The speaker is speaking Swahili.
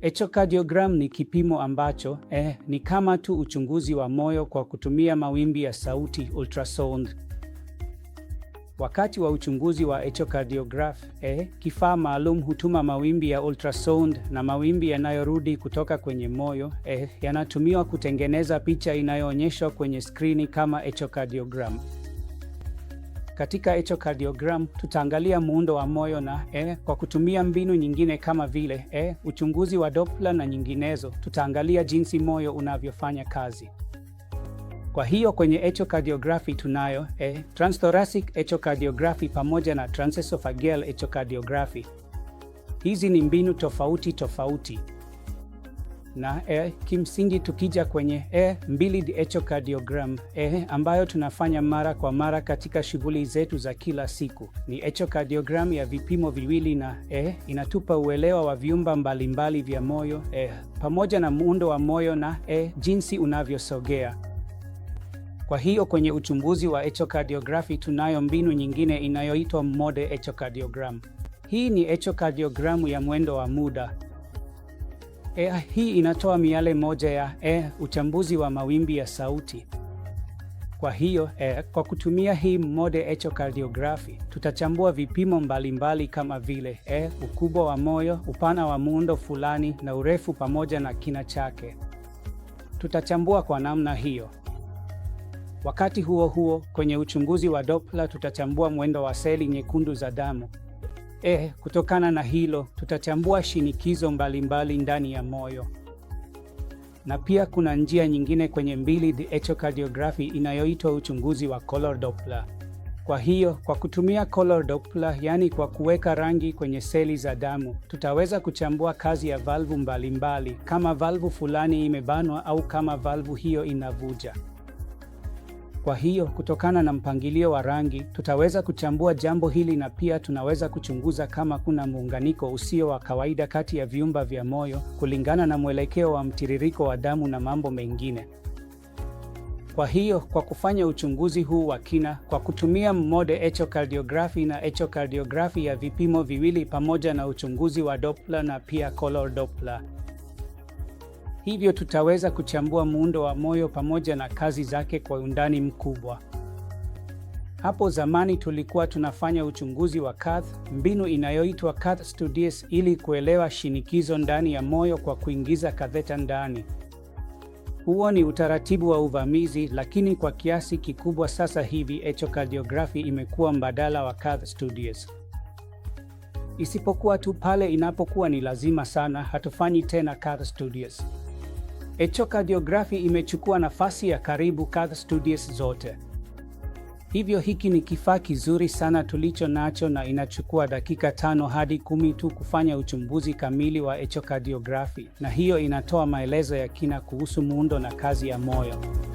Echocardiogram ni kipimo ambacho eh, ni kama tu uchunguzi wa moyo kwa kutumia mawimbi ya sauti ultrasound. Wakati wa uchunguzi wa echocardiograph eh, kifaa maalum hutuma mawimbi ya ultrasound na mawimbi yanayorudi kutoka kwenye moyo eh, yanatumiwa kutengeneza picha inayoonyeshwa kwenye skrini kama echocardiogram. Katika echocardiogram tutaangalia muundo wa moyo na e, kwa kutumia mbinu nyingine kama vile e, uchunguzi wa Doppler na nyinginezo, tutaangalia jinsi moyo unavyofanya kazi. Kwa hiyo kwenye echocardiography tunayo e, transthoracic echocardiography pamoja na transesophageal echocardiography. Hizi ni mbinu tofauti tofauti na eh, kimsingi tukija kwenye eh, mbili echocardiogram eh, ambayo tunafanya mara kwa mara katika shughuli zetu za kila siku. Ni echocardiogram ya vipimo viwili na eh, inatupa uelewa wa viumba mbalimbali vya moyo eh, pamoja na muundo wa moyo na eh, jinsi unavyosogea. Kwa hiyo kwenye uchunguzi wa echocardiography tunayo mbinu nyingine inayoitwa mode echocardiogram. Hii ni echocardiogramu ya mwendo wa muda ea eh, ah, hii inatoa miale moja ya e, eh, utambuzi wa mawimbi ya sauti. Kwa hiyo e, kwa kutumia hii mode echocardiography tutachambua vipimo mbalimbali mbali kama vile e, ukubwa wa moyo, upana wa muundo fulani na urefu pamoja na kina chake. Tutachambua kwa namna hiyo. Wakati huo huo, kwenye uchunguzi wa Doppler tutachambua mwendo wa seli nyekundu za damu. Eh, kutokana na hilo tutatambua shinikizo mbalimbali mbali ndani ya moyo. Na pia kuna njia nyingine kwenye mbili the echocardiography inayoitwa uchunguzi wa color Doppler. Kwa hiyo kwa kutumia color Doppler, yaani kwa kuweka rangi kwenye seli za damu, tutaweza kuchambua kazi ya valvu mbalimbali mbali, kama valvu fulani imebanwa au kama valvu hiyo inavuja. Kwa hiyo, kutokana na mpangilio wa rangi, tutaweza kuchambua jambo hili na pia tunaweza kuchunguza kama kuna muunganiko usio wa kawaida kati ya vyumba vya moyo kulingana na mwelekeo wa mtiririko wa damu na mambo mengine. Kwa hiyo, kwa kufanya uchunguzi huu wa kina kwa kutumia mmode echocardiography na echocardiography ya vipimo viwili pamoja na uchunguzi wa Doppler na pia color Doppler Hivyo tutaweza kuchambua muundo wa moyo pamoja na kazi zake kwa undani mkubwa. Hapo zamani tulikuwa tunafanya uchunguzi wa cath, mbinu inayoitwa cath studies, ili kuelewa shinikizo ndani ya moyo kwa kuingiza katheta ndani. Huo ni utaratibu wa uvamizi, lakini kwa kiasi kikubwa sasa hivi echocardiography imekuwa mbadala wa cath studies. Isipokuwa tu pale inapokuwa ni lazima sana, hatufanyi tena cath studies echocardiography imechukua nafasi ya karibu cath studies zote. Hivyo hiki ni kifaa kizuri sana tulicho nacho na inachukua dakika tano hadi kumi tu kufanya uchunguzi kamili wa echocardiography, na hiyo inatoa maelezo ya kina kuhusu muundo na kazi ya moyo.